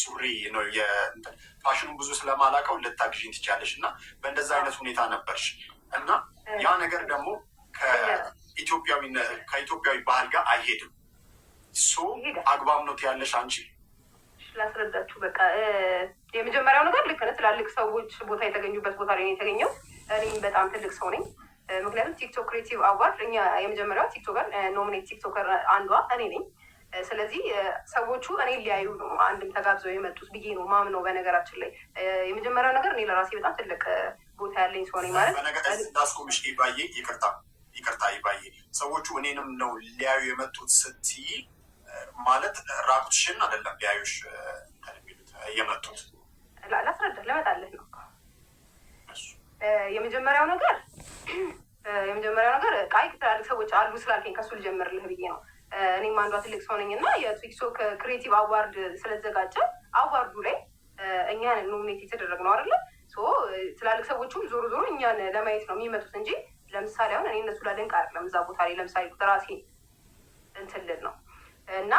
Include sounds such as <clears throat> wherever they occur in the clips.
ሱሪ ነው ፋሽኑን ብዙ ስለማላውቀው ልታግዥኝ ትቻለሽ እና በእንደዛ አይነት ሁኔታ ነበርሽ እና ያ ነገር ደግሞ ከኢትዮጵያዊ ከኢትዮጵያዊ ባህል ጋር አይሄድም። ሶ አግባብ ነው ትያለሽ አንቺ ስላስረዳችሁ በቃ የመጀመሪያው ነገር ልክ ነህ። ትላልቅ ሰዎች ቦታ የተገኙበት ቦታ ላይ የተገኘው እኔም በጣም ትልቅ ሰው ነኝ። ምክንያቱም ቲክቶክ ክሬቲቭ አዋርድ እኛ የመጀመሪያው ቲክቶከር ኖሚኔት ቲክቶከር አንዷ እኔ ነኝ። ስለዚህ ሰዎቹ እኔ ሊያዩ ነው አንድም ተጋብዘው የመጡት ብዬ ነው ማምነው። በነገራችን ላይ የመጀመሪያው ነገር እኔ ለራሴ በጣም ትልቅ ቦታ ያለኝ ሰው ነኝ ማለት ዳስኮሚሽ ባዬ ይቅርታ ይቅርታ ይባዬ ሰዎቹ እኔንም ነው ሊያዩ የመጡት ስትይ ማለት ራቁትሽን አይደለም ሊያዩሽ የመጡት ላስረዳ ለመጣለህ ነው። የመጀመሪያው ነገር የመጀመሪያው ነገር ቃይ ትላልቅ ሰዎች አሉ ስላልከኝ ከሱ ልጀምርልህ ብዬ ነው እኔም አንዷ ትልቅ ሰው ነኝ እና የቲክቶክ ክሬቲቭ አዋርድ ስለተዘጋጀ አዋርዱ ላይ እኛን ኖሚኔት የተደረግ ነው አይደለ? ትላልቅ ሰዎችም ዞሮ ዞሮ እኛን ለማየት ነው የሚመጡት እንጂ ለምሳሌ አሁን እኔ እነሱ ላደንቅ አይደለም። እዛ ቦታ ላይ ለምሳሌ ራሴ እንትልል ነው እና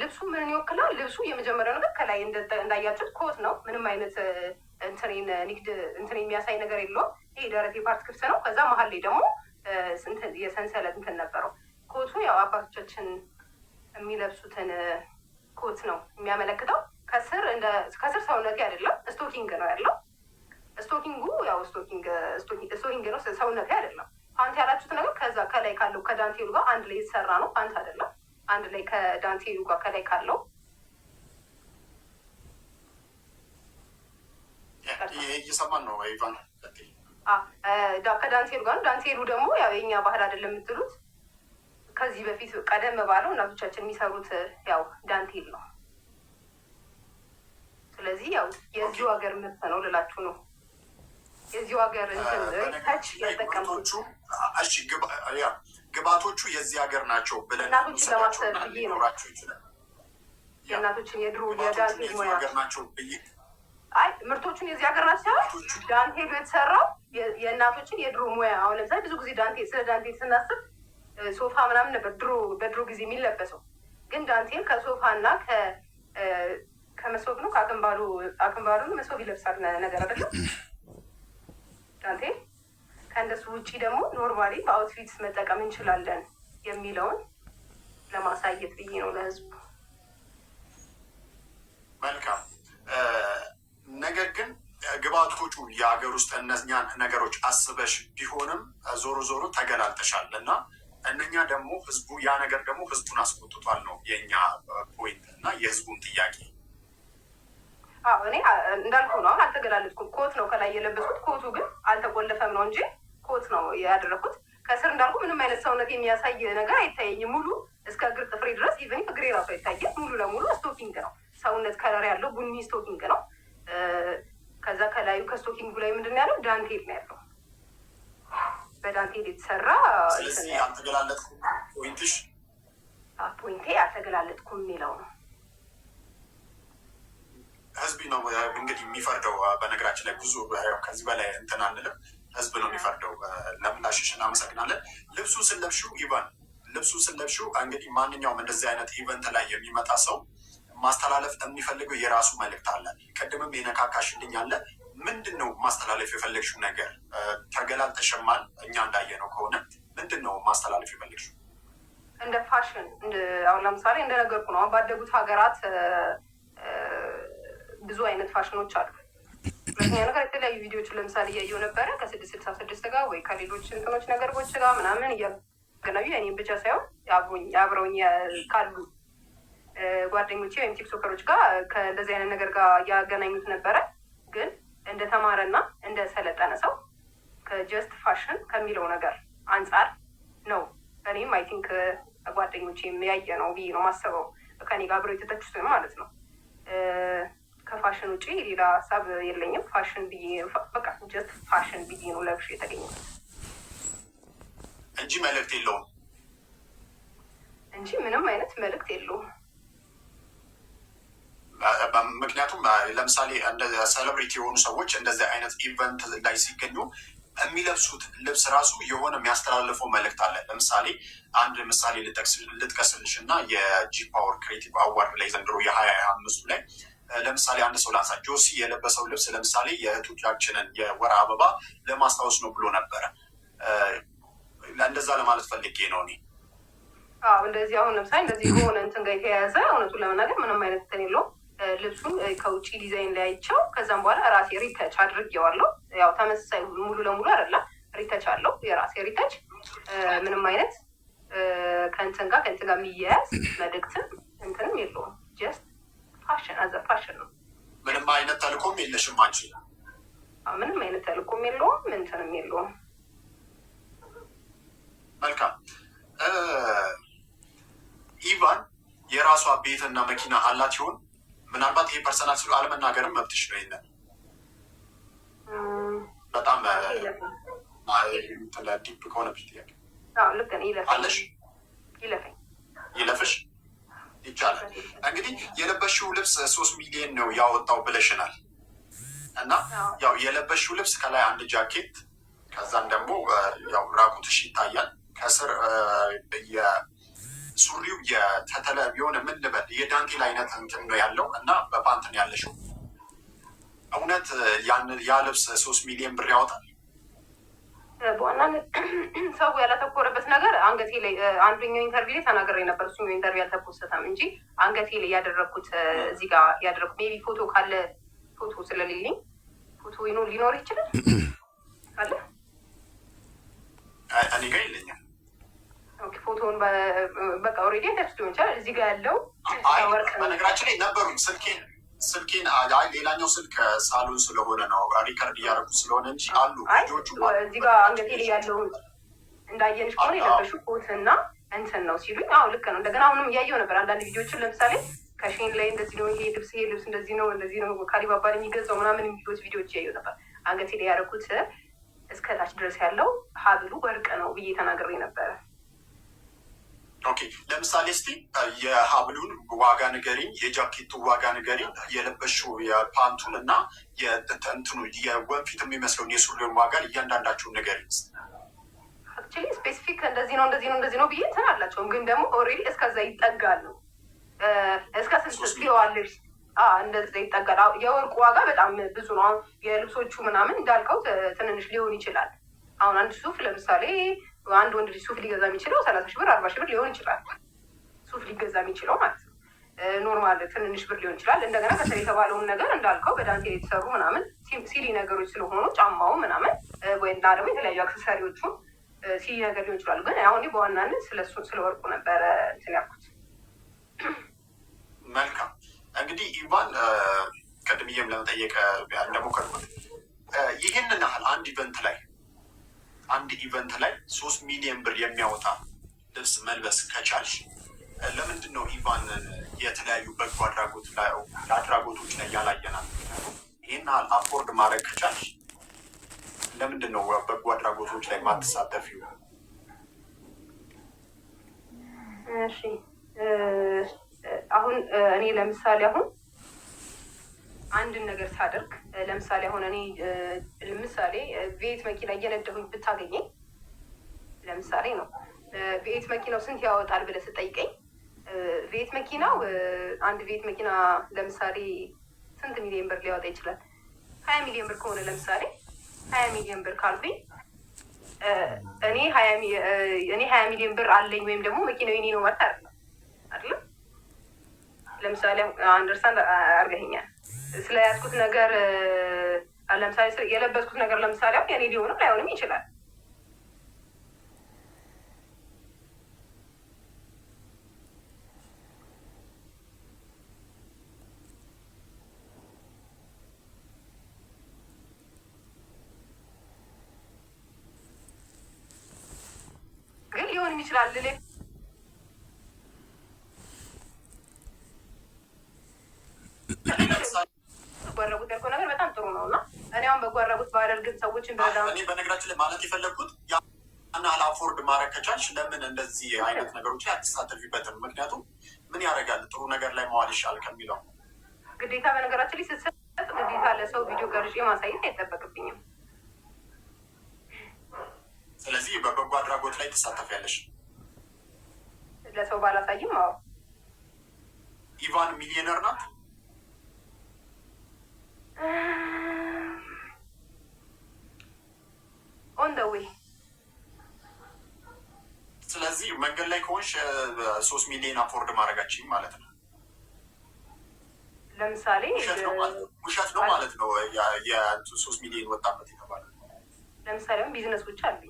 ልብሱ ምንን ይወክላል? ልብሱ የመጀመሪያው ነገር ከላይ እንዳያችሁት ኮት ነው። ምንም አይነት እንትኔን ንግድ እንትን የሚያሳይ ነገር የለውም። ይሄ ደረት የፓርት ክፍት ነው። ከዛ መሀል ላይ ደግሞ የሰንሰለት እንትን ነበረው ኮቱ ያው አባቶቻችን የሚለብሱትን ኮት ነው የሚያመለክተው። ከስር ከስር ሰውነቴ አይደለም ስቶኪንግ ነው ያለው። ስቶኪንጉ ያው ስቶኪንግ ስቶኪንግ ነው ሰውነቴ አይደለም። ፓንት ያላችሁት ነገር ከዛ ከላይ ካለው ከዳንቴሉ ጋር አንድ ላይ የተሰራ ነው። ፓንት አይደለም፣ አንድ ላይ ከዳንቴሉ ጋር ከላይ ካለው እየሰማን ነው። ከዳንቴሉ ጋር ነው። ዳንቴሉ ደግሞ ያው የኛ ባህል አይደለም የምትሉት ከዚህ በፊት ቀደም ባለው እናቶቻችን የሚሰሩት ያው ዳንቴል ነው። ስለዚህ ያው የዚሁ ሀገር ምርት ነው ልላችሁ ነው። የዚሁ ሀገር ታች ያጠቀምቶቹ ግባቶቹ የዚህ ሀገር ናቸው ብለን እናቶችን ለማሰብ ብዬ ነው። የእናቶችን የድሮ የዳንቴል ሙያ ናቸው ብዬ አይ ምርቶቹን የዚህ ሀገር ናቸው ዳንቴሉ የተሰራው የእናቶችን የድሮ ሙያ አሁን ለምሳሌ ብዙ ጊዜ ዳንቴል ስለ ዳንቴል ስናስብ ሶፋ ምናምን ነበር ድሮ በድሮ ጊዜ የሚለበሰው። ግን ዳንቴል ከሶፋ እና ከመሶብ ነው ከአክንባሉ አክንባሉ መሶብ ይለብሳል ነገር አይደለም ዳንቴል። ከእንደሱ ውጪ ደግሞ ኖርማሊ በአውትፊትስ መጠቀም እንችላለን የሚለውን ለማሳየት ብዬ ነው ለህዝቡ። መልካም ነገር ግን ግባቶቹ የሀገር ውስጥ እነኛን ነገሮች አስበሽ ቢሆንም ዞሮ ዞሮ ተገላልጠሻል እና እነኛ ደግሞ ህዝቡ ያ ነገር ደግሞ ህዝቡን አስቆጥቷል ነው የእኛ ፖይንት እና የህዝቡን ጥያቄ እኔ እንዳልኩ ነው። አሁን አልተገላለጥኩም። ኮት ነው ከላይ የለበስኩት። ኮቱ ግን አልተቆለፈም ነው እንጂ ኮት ነው ያደረኩት። ከስር እንዳልኩ ምንም አይነት ሰውነት የሚያሳይ ነገር አይታየኝም። ሙሉ እስከ እግር ጥፍሬ ድረስ ኢቨን እግሬ ራሱ አይታየም። ሙሉ ለሙሉ ስቶኪንግ ነው። ሰውነት ከለር ያለው ቡኒ ስቶኪንግ ነው። ከዛ ከላዩ ከስቶኪንጉ ላይ ምንድን ነው ያለው? ዳንቴል ነው ያለው። በዳንቴል የተሰራ ስለዚህ አልተገላለጥኩ ፖይንትሽ ፖይንቴ አልተገላለጥኩም የሚለው ነው። ህዝብ ነው እንግዲህ የሚፈርደው። በነገራችን ላይ ብዙ ከዚህ በላይ እንትን አንልም። ህዝብ ነው የሚፈርደው። ለምላሽሽ እናመሰግናለን። ልብሱ ስለብሽው ኢቨን ልብሱ ስለብሽው እንግዲህ ማንኛውም እንደዚህ አይነት ኢቨንት ላይ የሚመጣ ሰው ማስተላለፍ የሚፈልገው የራሱ መልእክት አለ። ቅድምም የነካካሽልኝ አለ ምንድን ነው ማስተላለፍ የፈለግሽው ነገር? ተገላልተሸማል። እኛ እንዳየነው ከሆነ ምንድን ነው ማስተላለፍ የፈለግሽው? እንደ ፋሽን አሁን ለምሳሌ እንደነገርኩ ነው። አሁን ባደጉት ሀገራት ብዙ አይነት ፋሽኖች አሉ። ሁለተኛ ነገር የተለያዩ ቪዲዮዎችን ለምሳሌ እያየው ነበረ ከስድስት ስልሳ ስድስት ጋር ወይ ከሌሎች እንትኖች ነገርቦች ጋር ምናምን እያገናኙ እኔም ብቻ ሳይሆን አብረውኝ ካሉ ጓደኞቼ ወይም ቲክቶከሮች ጋር ከእንደዚህ አይነት ነገር ጋር እያገናኙት ነበረ ግን እንደተማረና እንደሰለጠነ ሰው ከጀስት ፋሽን ከሚለው ነገር አንጻር ነው። እኔም አይ ቲንክ ጓደኞች የሚያየ ነው ብዬ ነው ማሰበው ከኔ ጋር አብረው የተተቹትን ማለት ነው። ከፋሽን ውጪ ሌላ ሀሳብ የለኝም። ፋሽን ብዬ በቃ ጀስት ፋሽን ብዬ ነው ለብሽ የተገኘው እንጂ መልእክት የለውም እንጂ ምንም አይነት መልእክት የለውም። ምክንያቱም ለምሳሌ ሰለብሪቲ የሆኑ ሰዎች እንደዚህ አይነት ኢቨንት ላይ ሲገኙ የሚለብሱት ልብስ ራሱ የሆነ የሚያስተላልፈው መልእክት አለ። ለምሳሌ አንድ ምሳሌ ልጥቀስልሽ እና የጂ ፓወር ክሬቲቭ አዋርድ ላይ ዘንድሮ የሀያ አምስቱ ላይ ለምሳሌ አንድ ሰው ላንሳ፣ ጆሲ የለበሰው ልብስ ለምሳሌ የእህቶቻችንን የወር አበባ ለማስታወስ ነው ብሎ ነበረ። እንደዛ ለማለት ፈልጌ ነው እኔ እንደዚህ አሁን ለምሳሌ እንደዚህ የሆነ እንትን ጋር የተያያዘ እውነቱን ለመናገር ምንም አይነት እንትን የለውም። ልብሱ ከውጭ ዲዛይን ላይ አይቸው ከዛም በኋላ ራሴ ሪተች አድርጌዋለሁ። ያው ተመሳሳይ ሙሉ ለሙሉ አይደለም ሪተች አለው የራሴ ሪተች ምንም አይነት ከእንትን ጋር ከእንትን ጋር የሚያያዝ መልእክትም እንትንም የለውም። ጀስት ፋሽን አዘ ፋሽን ነው። ምንም አይነት ተልእኮም የለሽም አንቺ? ምንም አይነት ተልእኮም የለውም እንትንም የለውም። መልካም ኢቫን የራሷ ቤትና መኪና አላት ይሆን? ምናልባት ይሄ ፐርሰናል ስሉ አለመናገርም መብትሽ ነው። ይሄንን በጣም ዲፕ ከሆነብሽ ጥያቄ ይለፍሽ ይቻላል። እንግዲህ የለበሽው ልብስ ሶስት ሚሊዮን ነው ያወጣው ብለሽናል። እና ያው የለበሽው ልብስ ከላይ አንድ ጃኬት ከዛም ደግሞ ያው ራቁትሽ ይታያል ከስር ሱሪው የተተለ የሆነ ምን ልበል የዳንቴል አይነት እንትን ነው ያለው እና በፓንትን ነው ያለሽው። እውነት ያ ልብስ ሶስት ሚሊዮን ብር ያወጣል። በዋናነት ሰው ያላተኮረበት ነገር አንገቴ ላይ አንዱኛው ኢንተርቪው ላይ ተናግሬ ነበር። እሱኛው ኢንተርቪው ያልተኮሰተም እንጂ አንገቴ ላይ ያደረግኩት እዚህ ጋር ያደረግኩት ሜቢ ፎቶ ካለ ፎቶ ስለሌለኝ ፎቶ ሊኖር ይችላል <clears throat> ካለ እኔ ጋር የለኝም ፎቶን በቃ ኦልሬዲ ተክስ ሊሆን ይችላል። እዚህ ጋር ያለው በነገራችን ላይ ነበሩኝ ስልኬን ስልኬን ሌላኛው ስልክ ሳሎን ስለሆነ ነው ሪከርድ እያደረጉ ስለሆነ እንጂ አሉ ልጆቹ እዚህ ጋር አንገቴ ላይ ያለውን እንዳየንሽ ከሆነ የለበሹ ኮትና እንትን ነው ሲሉኝ፣ አዎ ልክ ነው። እንደገና አሁንም እያየው ነበር አንዳንድ ቪዲዮችን ለምሳሌ ከሼን ላይ እንደዚህ ነው፣ ይሄ ልብስ ይሄ ልብስ እንደዚህ ነው፣ እንደዚህ ነው ካሊባባል የሚገዛው ምናምን የሚሉት ቪዲዮች እያየው ነበር። አንገቴ ላይ ያደረኩት እስከታች ድረስ ያለው ሀብሉ ወርቅ ነው ብዬ ተናግሬ ነበረ። ኦኬ ለምሳሌ እስቲ የሀብሉን ዋጋ ንገሪኝ፣ የጃኬቱ ዋጋ ንገሪኝ፣ የለበሽው የፓንቱን እና የእንትኑ የወንፊት የሚመስለውን የሱሪውን ዋጋ እያንዳንዳችሁን ንገሪኝ። አክቹዋሊ ስፔሲፊክ እንደዚህ ነው እንደዚህ ነው እንደዚህ ነው ብዬ እንትን አላቸውም፣ ግን ደግሞ ኦልሬዲ እስከዛ ይጠጋሉ እስከ ስልስ ዋለች እንደዛ ይጠጋል። የወርቁ ዋጋ በጣም ብዙ ነው። የልብሶቹ ምናምን እንዳልከው ትንንሽ ሊሆን ይችላል። አሁን አንድ ሱፍ ለምሳሌ አንድ ወንድ ልጅ ሱፍ ሊገዛ የሚችለው ሰላሳ ሺ ብር አርባ ሺ ብር ሊሆን ይችላል። ሱፍ ሊገዛ የሚችለው ማለት ነው። ኖርማል ትንንሽ ብር ሊሆን ይችላል። እንደገና ከስር የተባለውን ነገር እንዳልከው በዳንቴል የተሰሩ ምናምን ሲሪ ነገሮች ስለሆኑ ጫማው ምናምን ወይም ደግሞ የተለያዩ አክሰሳሪዎቹም ሲ ነገር ሊሆን ይችላሉ። ግን አሁን በዋናነት ስለሱ ስለወርቁ ነበረ እንትን ያልኩት። መልካም እንግዲህ ኢቫን ቅድም ለመጠየቅ ያለሞከርኩት ይህንን ያህል አንድ ኢቨንት ላይ አንድ ኢቨንት ላይ ሶስት ሚሊዮን ብር የሚያወጣ ልብስ መልበስ ከቻልሽ ለምንድን ነው ኢቫን የተለያዩ በጎ አድራጎት አድራጎቶች ላይ ያላየናል? ይህን ል አፎርድ ማድረግ ከቻልሽ ለምንድን ነው በጎ አድራጎቶች ላይ ማትሳተፍ? እሺ አሁን እኔ ለምሳሌ አሁን አንድን ነገር ሳደርግ ለምሳሌ አሁን እኔ ለምሳሌ ቤት መኪና እየነደሁኝ ብታገኘኝ ለምሳሌ ነው ቤት መኪናው ስንት ያወጣል ብለህ ስጠይቀኝ ቤት መኪናው አንድ ቤት መኪና ለምሳሌ ስንት ሚሊዮን ብር ሊያወጣ ይችላል? ሀያ ሚሊዮን ብር ከሆነ ለምሳሌ ሀያ ሚሊዮን ብር ካልኩኝ እኔ ሀያ ሚሊዮን ብር አለኝ ወይም ደግሞ መኪናው የኔ ነው ማለት አይደለም። ለምሳሌ አንደርስታንድ አድርገኸኛል። ስለያዝኩት ነገር ለምሳሌ የለበስኩት ነገር ለምሳሌ አሁን የኔ ሊሆንም ላይሆንም ይችላል። ግን ሊሆንም ይችላል። ባደርግን ሰዎች እኔ በነገራችን ላይ ማለት የፈለግኩት እና አላፎርድ ማድረግ ከቻልሽ ለምን እንደዚህ አይነት ነገሮች ላይ አትሳተፊበትም? ምክንያቱም ምን ያደርጋል ጥሩ ነገር ላይ መዋል ይሻል ከሚለው ግዴታ። በነገራችን ላይ ስትሰጥ ግዴታ ለሰው ቪዲዮ ገርጬ ማሳየት አይጠበቅብኝም። ስለዚህ በበጎ አድራጎት ላይ ትሳተፊያለሽ? ለሰው ባላሳይም። አዎ። ኢቫን ሚሊዮነር ናት። ኦን ደ ዌይ። ስለዚህ መንገድ ላይ ከሆንሽ ሶስት ሚሊዮን አፎርድ ማድረጋችን ማለት ነው። ለምሳሌ ውሸት ነው ማለት ነው። የሶስት ሚሊዮን ወጣበት የተባለ ለምሳሌ አሁን ቢዝነሶች አሉ።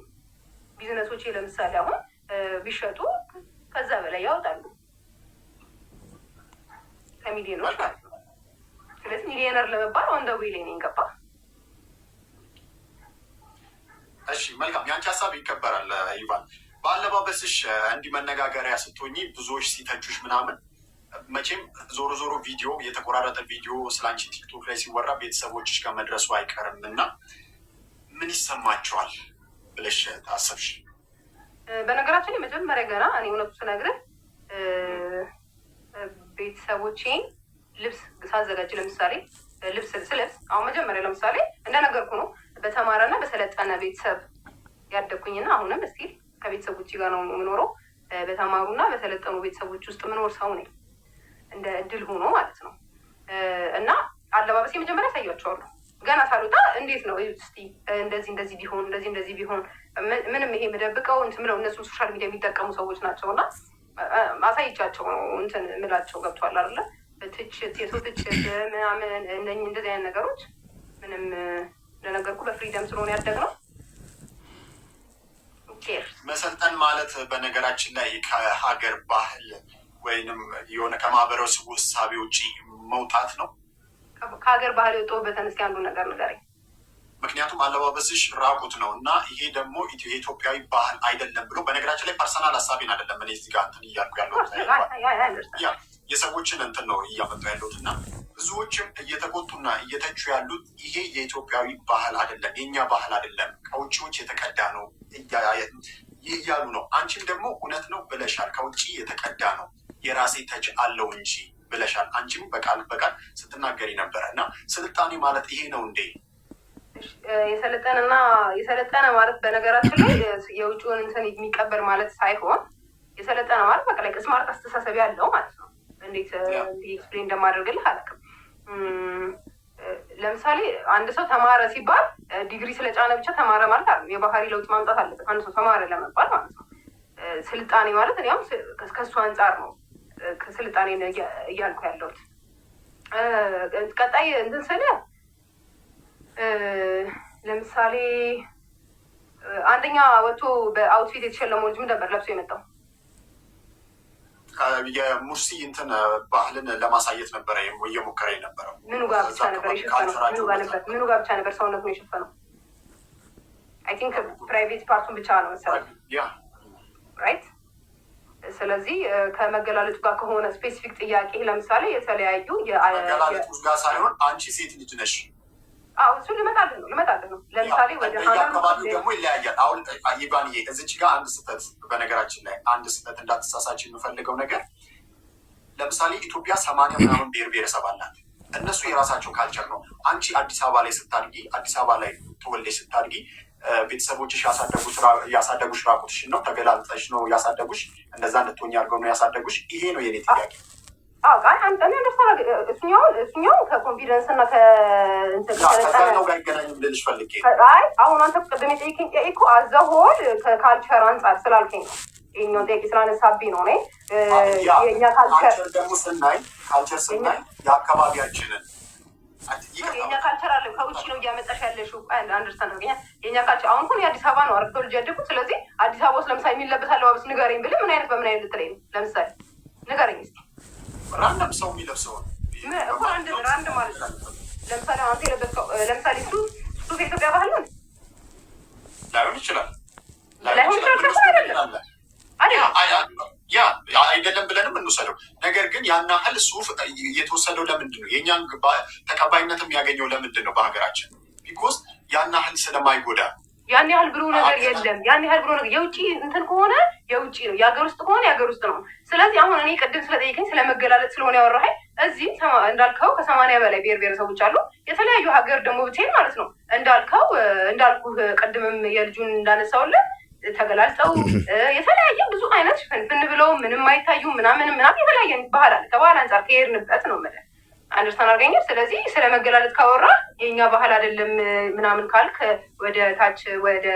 ቢዝነሶች ለምሳሌ አሁን ቢሸጡ ከዛ በላይ ያወጣሉ ከሚሊዮኖች ማለት ነው። ስለዚህ ሚሊዮነር ለመባል ወንደዌ ላይ ነው ይገባል። እሺ መልካም፣ የአንቺ ሀሳብ ይከበራል። ይባል በአለባበስሽ እንዲህ መነጋገሪያ ስትሆኚ ብዙዎች ሲተቹሽ ምናምን መቼም ዞሮ ዞሮ ቪዲዮ የተቆራረጠ ቪዲዮ ስለ አንቺ ቲክቶክ ላይ ሲወራ ቤተሰቦችሽ ከመድረሱ አይቀርም እና ምን ይሰማቸዋል ብለሽ ታሰብሽ? በነገራችን የመጀመሪያ ገና እኔ እውነቱ ስነግርህ ቤተሰቦቼን ልብስ ሳዘጋጅ ለምሳሌ ልብስ ስለ አሁን መጀመሪያ ለምሳሌ እንደነገርኩ ነው በተማረና በሰለጠነ ቤተሰብ ና አሁንም እስቲል ከቤተሰቦች ጋር ነው የምኖረው። በተማሩና በሰለጠኑ ቤተሰቦች ውስጥ የምኖር ሰው ነኝ፣ እንደ እድል ሆኖ ማለት ነው። እና አለባበስ የመጀመሪያ ያሳያቸዋሉ። ገና ሳሉታ እንዴት ነው እስቲ እንደዚህ እንደዚህ ቢሆን እንደዚህ እንደዚህ ቢሆን ምንም ይሄ የምደብቀው እንትን ምለው እነሱ ሶሻል ሚዲያ የሚጠቀሙ ሰዎች ናቸው እና አሳይቻቸው ነው እንትን ምላቸው ገብቷል አይደለ? ትችት የሰው ትችት ምናምን እንደዚህ አይነት ነገሮች ምንም ለነገርኩ በፍሪደም ስለሆነ ነው መሰልጠን ማለት በነገራችን ላይ ከሀገር ባህል ወይንም የሆነ ከማህበረሰቡ እሳቤ ውጭ መውጣት ነው። ከሀገር ባህል የወጣ በተነስ አንዱ ነገር ንገረኝ። ምክንያቱም አለባበስሽ ራቁት ነው እና ይሄ ደግሞ የኢትዮጵያዊ ባህል አይደለም ብሎ በነገራችን ላይ ፐርሰናል ሀሳቤን አይደለም እኔ እዚህ ጋር እንትን እያልኩ ያለው የሰዎችን እንትን ነው እያመጡ ያለሁት እና ብዙዎችም እየተቆጡና እየተቹ ያሉት ይሄ የኢትዮጵያዊ ባህል አይደለም፣ የእኛ ባህል አይደለም፣ ከውጭዎች የተቀዳ ነው እያሉ ነው። አንቺም ደግሞ እውነት ነው ብለሻል፣ ከውጭ የተቀዳ ነው፣ የራሴ ተች አለው እንጂ ብለሻል። አንቺም በቃል በቃል ስትናገሪ ነበረ እና ስልጣኔ ማለት ይሄ ነው እንዴ? የሰለጠነና የሰለጠነ ማለት በነገራችን ላይ የውጭውን እንትን የሚቀበል ማለት ሳይሆን የሰለጠነ ማለት በቃ ላይ ስማርት አስተሳሰብ ያለው ማለት ነው። እንዴት ኤክስፕሌን እንደማደርግልህ አላውቅም። ለምሳሌ አንድ ሰው ተማረ ሲባል ዲግሪ ስለጫነ ብቻ ተማረ ማለት አለ የባህሪ ለውጥ ማምጣት አለበት አንድ ሰው ተማረ ለመባል ማለት ነው። ስልጣኔ ማለት እኒያም ከሱ አንጻር ነው ከስልጣኔ እያልኩ ያለሁት። ቀጣይ እንትን ስለ ለምሳሌ አንደኛ ወጥቶ በአውትፊት የተሸለመው ልጅም ነበር ለብሶ የመጣው? የሙርሲ እንትን ባህልን ለማሳየት ነበረ እየሞከረ የነበረው። ምኑ ጋር ብቻ ነበር የሸፈነው? ምኑ ጋር ብቻ ነበር ሰውነቱ የሸፈነው? አይ ቲንክ ፕራይቬት ፓርቱን ብቻ ነው መሰለኝ ራይት። ስለዚህ ከመገላለጡ ጋር ከሆነ ስፔሲፊክ ጥያቄ ለምሳሌ የተለያዩ መገላለጡ ጋር ሳይሆን አንቺ ሴት ልጅ ነሽ አዎ እሱ ልመጣልህ ነው ልመጣልህ ነው። ለምሳሌ ወደ አካባቢው ደግሞ ይለያያል። አሁን ይባንዬ እዚች ጋር አንድ ስህተት፣ በነገራችን ላይ አንድ ስህተት እንዳትሳሳች የምፈልገው ነገር ለምሳሌ ኢትዮጵያ ሰማንያ ምናምን ብሔር ብሔረሰብ አላት። እነሱ የራሳቸው ካልቸር ነው። አንቺ አዲስ አበባ ላይ ስታድጊ፣ አዲስ አበባ ላይ ተወልደሽ ስታድጊ ቤተሰቦችሽ ያሳደጉሽ ራቁትሽን ነው፣ ተገላልጠሽ ነው ያሳደጉሽ። እንደዛ እንድትሆኝ አድርገው ነው ያሳደጉሽ። ይሄ ነው የኔ ጥያቄ። እሱኛው ከኮንፊደንስ እና ከዛኛው አሁን አንተ ቅድም እኮ አዘሆል ከካልቸር አንጻር ስላልከኝ ነው። ስላነሳቢ ነው። የእኛ ካልቸር ደግሞ ስናይ ካልቸር ስናይ የአካባቢያችንን የእኛ ካልቸር አለ ከውጭ ነው እያመጣሽ አንደርስታንድ ነው። የእኛ ካልቸር አሁን እኮ አዲስ አበባ ነው ልጅ ስለዚህ አዲስ አበባ ውስጥ ለምሳሌ የሚለበስ አለባበስ ንገረኝ ብልህ ምን አይነት በምን አይነት ልትለኝ ነው? ለምሳሌ ንገረኝ እስኪ ራንደም ሰው የሚለብሰው ራንድ ማለት ነው። ለምሳሌ አንተ የለበስከው ለምሳሌ ሱፍ ሱፍ የኢትዮጵያ ባህል ነው ላይሆን ይችላል ላይሆን ይችላል ያ አይደለም ብለንም እንውሰደው። ነገር ግን ያን ያህል ሱፍ የተወሰደው ለምንድን ነው? የእኛን ተቀባይነት የሚያገኘው ለምንድን ነው? በሀገራችን ቢኮዝ ያን ያህል ስለማይጎዳ ነው። ያን ያህል ብሎ ነገር የለም። ያን ያህል ብሎ ነገር የውጭ እንትን ከሆነ የውጭ ነው፣ የሀገር ውስጥ ከሆነ የሀገር ውስጥ ነው። ስለዚህ አሁን እኔ ቅድም ስለጠይቀኝ ስለመገላለጥ ስለሆነ ያወራኸኝ እዚህ እንዳልከው ከሰማንያ በላይ ብሔር ብሔረሰቦች አሉ። የተለያዩ ሀገር ደግሞ ብትሄድ ማለት ነው እንዳልከው እንዳልኩ ቅድምም የልጁን እንዳነሳውልን ተገላልጠው የተለያየ ብዙ አይነት ሽፍንፍን ብለው ምንም አይታዩ ምናምን ምናምን የተለያየ ባህል አለ። ከባህል አንጻር ከሄድንበት ነው የምልህ አንደርስታንድ አርገኛል። ስለዚህ ስለ መገላለጥ ካወራ የእኛ ባህል አይደለም ምናምን ካልክ ወደ ታች ወደ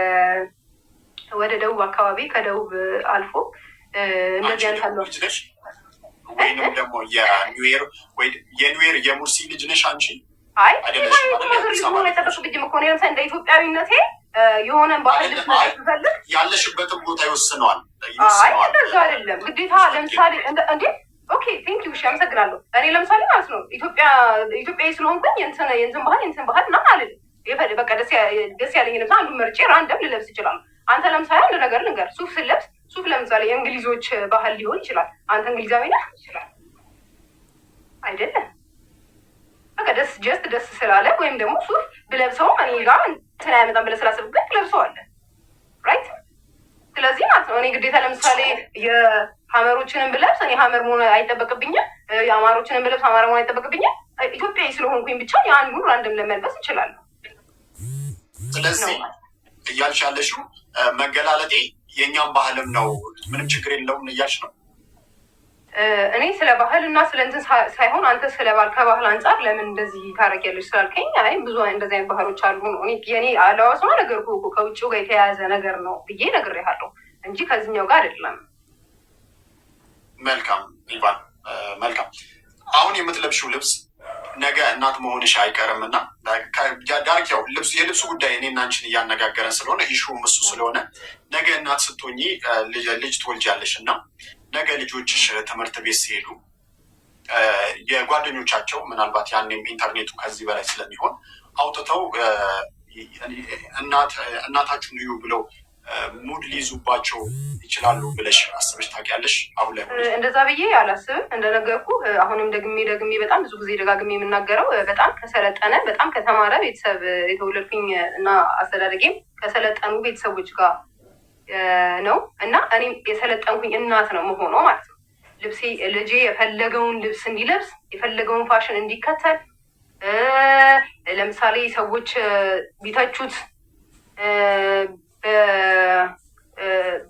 ወደ ደቡብ አካባቢ ከደቡብ አልፎ እንደዚህ ደግሞ የኒዌር የኒዌር የሙርሲ ልጅ ነሽ አንቺ? አይ ሆነ የጠበቅብኝ እኮ ነው። እንደ ኢትዮጵያዊነቴ የሆነ ባህል ልጅ ያለሽበትን ቦታ ይወስነዋል። ይወስነዋል እንደዛ አይደለም ግዴታ ለምሳሌ እንዴ ኦኬ ቴንክ ዩ እሺ፣ አመሰግናለሁ። እኔ ለምሳሌ ማለት ነው ኢትዮጵያ ስለሆን ስለሆንኩኝ የእንትን የእንትን ባህል የእንትን ባህል ና አልልም። በቃ ደስ ያለኝ ልብስ አንዱ መርጬ ራንደም ልለብስ ይችላል። አንተ ለምሳሌ አንድ ነገር ንገር፣ ሱፍ ስለብስ ሱፍ ለምሳሌ የእንግሊዞች ባህል ሊሆን ይችላል። አንተ እንግሊዛዊ ነህ ይችላል አይደለም። በቃ ደስ ጀስት ደስ ስላለ ወይም ደግሞ ሱፍ ብለብሰው እኔ ጋር እንትን አያመጣም ብለህ ስላሰብኩበት ትለብሰዋለህ። ራይት ስለዚህ ማለት ነው እኔ ግዴታ ለምሳሌ ሀመሮችንም ብለብስ እኔ ሀመር መሆን አይጠበቅብኝም። የአማሮችንም ብለብስ አማራ መሆን አይጠበቅብኝም። ኢትዮጵያዊ ስለሆንኩኝ ብቻ ያን ሙሉ አንድም ለመልበስ እችላለሁ። ስለዚህ እያልሽ ያለሽው መገላለጤ የእኛም ባህልም ነው፣ ምንም ችግር የለውም እያልሽ ነው። እኔ ስለ ባህል እና ስለ እንትን ሳይሆን አንተ ስለ ባህል ከባህል አንጻር ለምን እንደዚህ ታደርጊያለሽ ስላልከኝ፣ አይ ብዙ እንደዚህ አይነት ባህሎች አሉ ነው። የኔ አለዋስማ ነገር ከውጭው ጋር የተያያዘ ነገር ነው ብዬ ነግሬሃለሁ እንጂ ከዚህኛው ጋር አይደለም። መልካም ይባል መልካም። አሁን የምትለብሽው ልብስ ነገ እናት መሆንሽ አይቀርም እና ዳርክ ያው የልብሱ ጉዳይ እኔ እናንችን እያነጋገረን ስለሆነ ኢሹም እሱ ስለሆነ ነገ እናት ስትሆኚ ልጅ ትወልጃለሽ እና ነገ ልጆችሽ ትምህርት ቤት ሲሄዱ የጓደኞቻቸው ምናልባት ያኔም ኢንተርኔቱ ከዚህ በላይ ስለሚሆን አውጥተው እናታችሁን እዩ ብለው ሙድ ሊይዙባቸው ይችላሉ ብለሽ አስበሽ ታውቂያለሽ? አሁን ላይ እንደዛ ብዬ አላስብም። እንደነገርኩ አሁንም ደግሜ ደግሜ በጣም ብዙ ጊዜ ደጋግሜ የምናገረው በጣም ከሰለጠነ በጣም ከተማረ ቤተሰብ የተወለድኩኝ እና አስተዳደጌም ከሰለጠኑ ቤተሰቦች ጋር ነው እና እኔም የሰለጠንኩኝ እናት ነው መሆኖ ማለት ነው። ልብሴ ልጄ የፈለገውን ልብስ እንዲለብስ የፈለገውን ፋሽን እንዲከተል ለምሳሌ ሰዎች ቢተቹት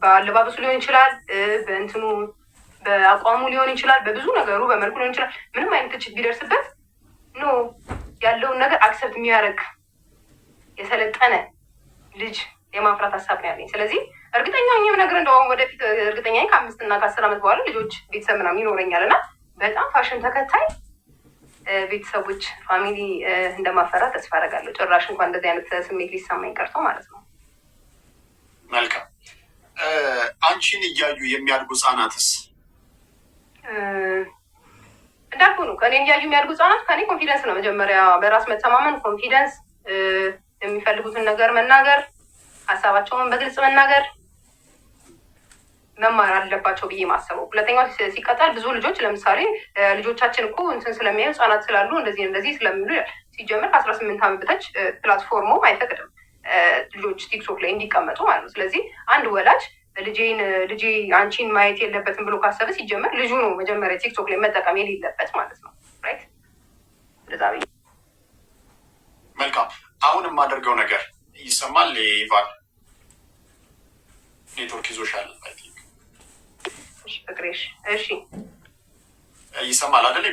በአለባበሱ ሊሆን ይችላል፣ በእንትኑ በአቋሙ ሊሆን ይችላል፣ በብዙ ነገሩ በመልኩ ሊሆን ይችላል። ምንም አይነት ትችት ቢደርስበት ኖ ያለውን ነገር አክሰፕት የሚያደርግ የሰለጠነ ልጅ የማፍራት ሀሳብ ነው ያለኝ። ስለዚህ እርግጠኛ ሆኜም ነገር እንደውም ወደፊት እርግጠኛ ከአምስት እና ከአስር ዓመት በኋላ ልጆች ቤተሰብ ምናምን ይኖረኛል እና በጣም ፋሽን ተከታይ ቤተሰቦች ፋሚሊ እንደማፈራ ተስፋ አደርጋለሁ። ጭራሽ እንኳን እንደዚህ አይነት ስሜት ሊሰማኝ ቀርቶ ማለት ነው። መልካም። አንቺን እያዩ የሚያድጉ ህጻናትስ እንዳልኩ ነው። ከኔ እያዩ የሚያድጉ ህጻናት ከኔ ኮንፊደንስ ነው መጀመሪያ፣ በራስ መተማመን ኮንፊደንስ፣ የሚፈልጉትን ነገር መናገር፣ ሀሳባቸውን በግልጽ መናገር መማር አለባቸው ብዬ ማሰበው። ሁለተኛው ሲቀጠል ብዙ ልጆች ለምሳሌ ልጆቻችን እኮ እንትን ስለሚያዩ ህጻናት ስላሉ እንደዚህ እንደዚህ ስለሚሉ ሲጀምር ከአስራ ስምንት ዓመት በታች ፕላትፎርሙ አይፈቅድም። ልጆች ቲክቶክ ላይ እንዲቀመጡ ማለት ነው። ስለዚህ አንድ ወላጅ ልጄን ልጄ አንቺን ማየት የለበትም ብሎ ካሰበ ሲጀመር ልጁ ነው መጀመሪያ ቲክቶክ ላይ መጠቀም የሌለበት ማለት ነው። መልካም። አሁን የማደርገው ነገር ይሰማል። ይቫል ኔትወርክ ይዞሻል። ፍቅሬሽ፣ እሺ ይሰማል አይደል?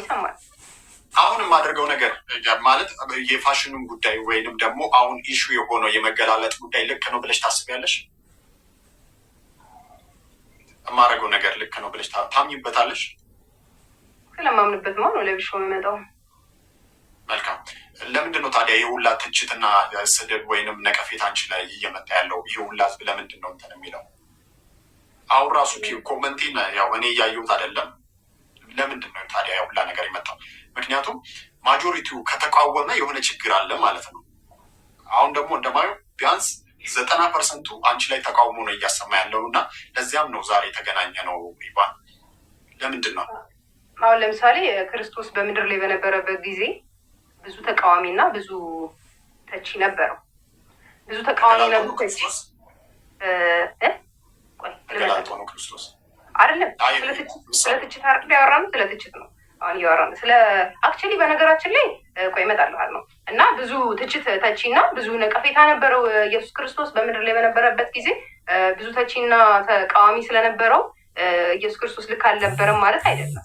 ይሰማል። አሁን የማደርገው ነገር ማለት የፋሽኑን ጉዳይ ወይንም ደግሞ አሁን ኢሹ የሆነው የመገላለጥ ጉዳይ ልክ ነው ብለሽ ታስቢያለሽ? የማደርገው ነገር ልክ ነው ብለሽ ታምኝበታለሽ? ስለማምንበት ወደ ቢሾ የሚመጣው። መልካም። ለምንድን ነው ታዲያ የሁላ ትችትና ስድብ ወይንም ነቀፌታ አንቺ ላይ እየመጣ ያለው? ይህ ለምንድን ነው እንትን የሚለው? አሁን ራሱ ኮመንቴን ያው እኔ እያየሁት አይደለም። ለምንድን ነው ታዲያ ሁላ ነገር የመጣው? ምክንያቱም ማጆሪቲው ከተቃወመ የሆነ ችግር አለ ማለት ነው። አሁን ደግሞ እንደማየው ቢያንስ ዘጠና ፐርሰንቱ አንቺ ላይ ተቃውሞ ነው እያሰማ ያለው እና ለዚያም ነው ዛሬ የተገናኘ ነው ይባል። ለምንድን ነው አሁን ለምሳሌ ክርስቶስ በምድር ላይ በነበረበት ጊዜ ብዙ ተቃዋሚ እና ብዙ ተቺ ነበረው። ብዙ ተቃዋሚ ነበሩ። ክርስቶስ አይደለም ስለትችት ትችት አርግ ያወራነው ስለ ነው አሁን እያወራን ስለ አክቹዋሊ በነገራችን ላይ እኮ ይመጣልሃል ነው እና ብዙ ትችት ተቺ እና ብዙ ነቀፌታ ነበረው። ኢየሱስ ክርስቶስ በምድር ላይ በነበረበት ጊዜ ብዙ ተቺ ተቺና ተቃዋሚ ስለነበረው ኢየሱስ ክርስቶስ ልክ አልነበረም ማለት አይደለም።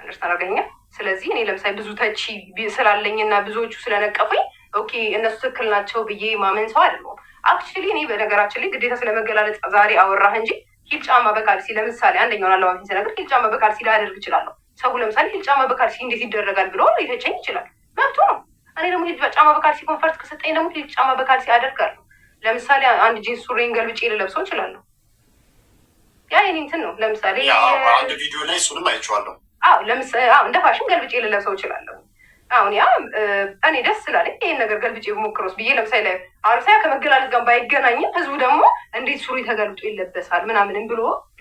አንደርስታን አገኘ። ስለዚህ እኔ ለምሳሌ ብዙ ተቺ ስላለኝ ስላለኝና ብዙዎቹ ስለነቀፉኝ ኦኬ እነሱ ትክክል ናቸው ብዬ ማመን ሰው አይደለሁም። አክቹዋሊ እኔ በነገራችን ላይ ግዴታ ስለመገላለጥ ዛሬ አወራህ እንጂ ሂል ጫማ በካልሲ ለምሳሌ አንደኛውን አለባበሴን ስነግር ሂል ጫማ በካልሲ ላደርግ እችላለሁ ሰው ለምሳሌ ጫማ በካልሲ እንዴት ይደረጋል ብሎ ሊተቸኝ ይችላል። መብቱ ነው። እኔ ደግሞ ጫማ በካልሲ ኮንፈርት ከሰጠኝ ደግሞ ጫማ በካልሲ አደርጋለሁ። ለምሳሌ አንድ ጂንስ ሱሪን ገልብጬ ልለብሰው እችላለሁ። ያ የኔ እንትን ነው። ለምሳሌ አንድ ቪዲዮ ላይ እሱንም አይቼዋለሁ። አዎ ለምሳሌ እንደ ፋሽን ገልብጬ ልለብሰው እችላለሁ። አሁን ያ እኔ ደስ ስላለኝ ይህን ነገር ገልብጬ ሞክሮስ ብዬ ለምሳሌ አርሳያ ከመገላለጥ ጋር ባይገናኝም ህዝቡ ደግሞ እንዴት ሱሪ ተገልጦ ይለበሳል ምናምንም ብሎ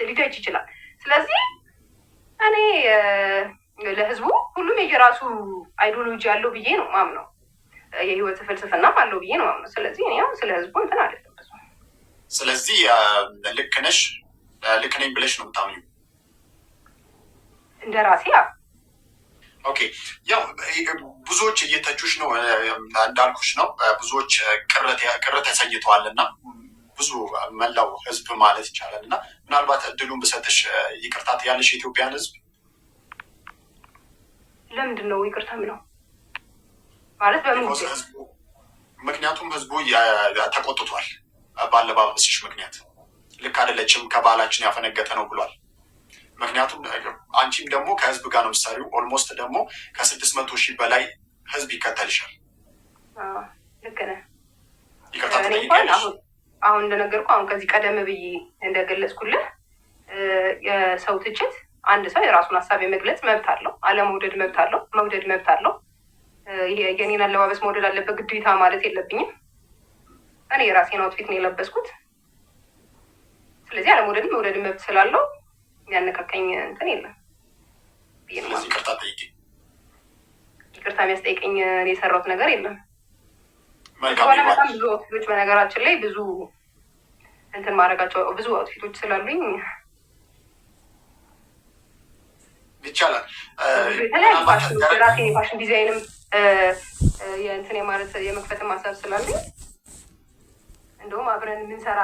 ሊተች ይችላል። ስለዚህ እኔ ለህዝቡ ሁሉም የየራሱ አይዲዮሎጂ አለው ብዬ ነው ማምነው። የህይወት ፍልስፍናም አለው ብዬ ነው ማምነው። ስለዚህ እኔ ስለ ህዝቡ እንትን ብዙ። ስለዚህ ልክ ነሽ ልክ ነኝ ብለሽ ነው ምታምኙ? እንደ ራሴ ኦኬ። ያው ብዙዎች እየተቹሽ ነው እንዳልኩሽ ነው። ብዙዎች ቅር ተሰኝተዋል እና ብዙ መላው ህዝብ ማለት ይቻላል እና ምናልባት እድሉን ብሰጥሽ ይቅርታ ያለሽ የኢትዮጵያን ህዝብ ለምንድን ነው ይቅርታ ምለው ማለት ምክንያቱም ህዝቡ ተቆጥቷል። ባለባበስሽ ምክንያት ልክ አይደለችም፣ ከባህላችን ያፈነገጠ ነው ብሏል። ምክንያቱም አንቺም ደግሞ ከህዝብ ጋር ነው ምሳሌ ኦልሞስት ደግሞ ከስድስት መቶ ሺህ በላይ ህዝብ ይከተልሻል። ልክ ነህ። ይቅርታ ትጠይቃለሽ አሁን እንደነገርኩ አሁን ከዚህ ቀደም ብዬ እንደገለጽኩልህ የሰው ትችት አንድ ሰው የራሱን ሀሳብ የመግለጽ መብት አለው። አለመውደድ መብት አለው። መውደድ መብት አለው። የኔን አለባበስ መውደድ አለበት ግዴታ ማለት የለብኝም። እኔ የራሴን አውትፊት ነው የለበስኩት። ስለዚህ አለመውደድ መውደድ መብት ስላለው የሚያነካካኝ እንትን የለም። ይቅርታ የሚያስጠይቀኝ የሰራሁት ነገር የለም። በጣም ብዙ አውትፊቶች በነገራችን ላይ ብዙ እንትን ማድረጋቸው ብዙ አውትፊቶች ስላሉኝ ይቻላል። የተለያዩ ፋሽን ዲዛይንም የእንትን የማለት ማሰብ ስላሉኝ እንደውም አብረን የምንሰራ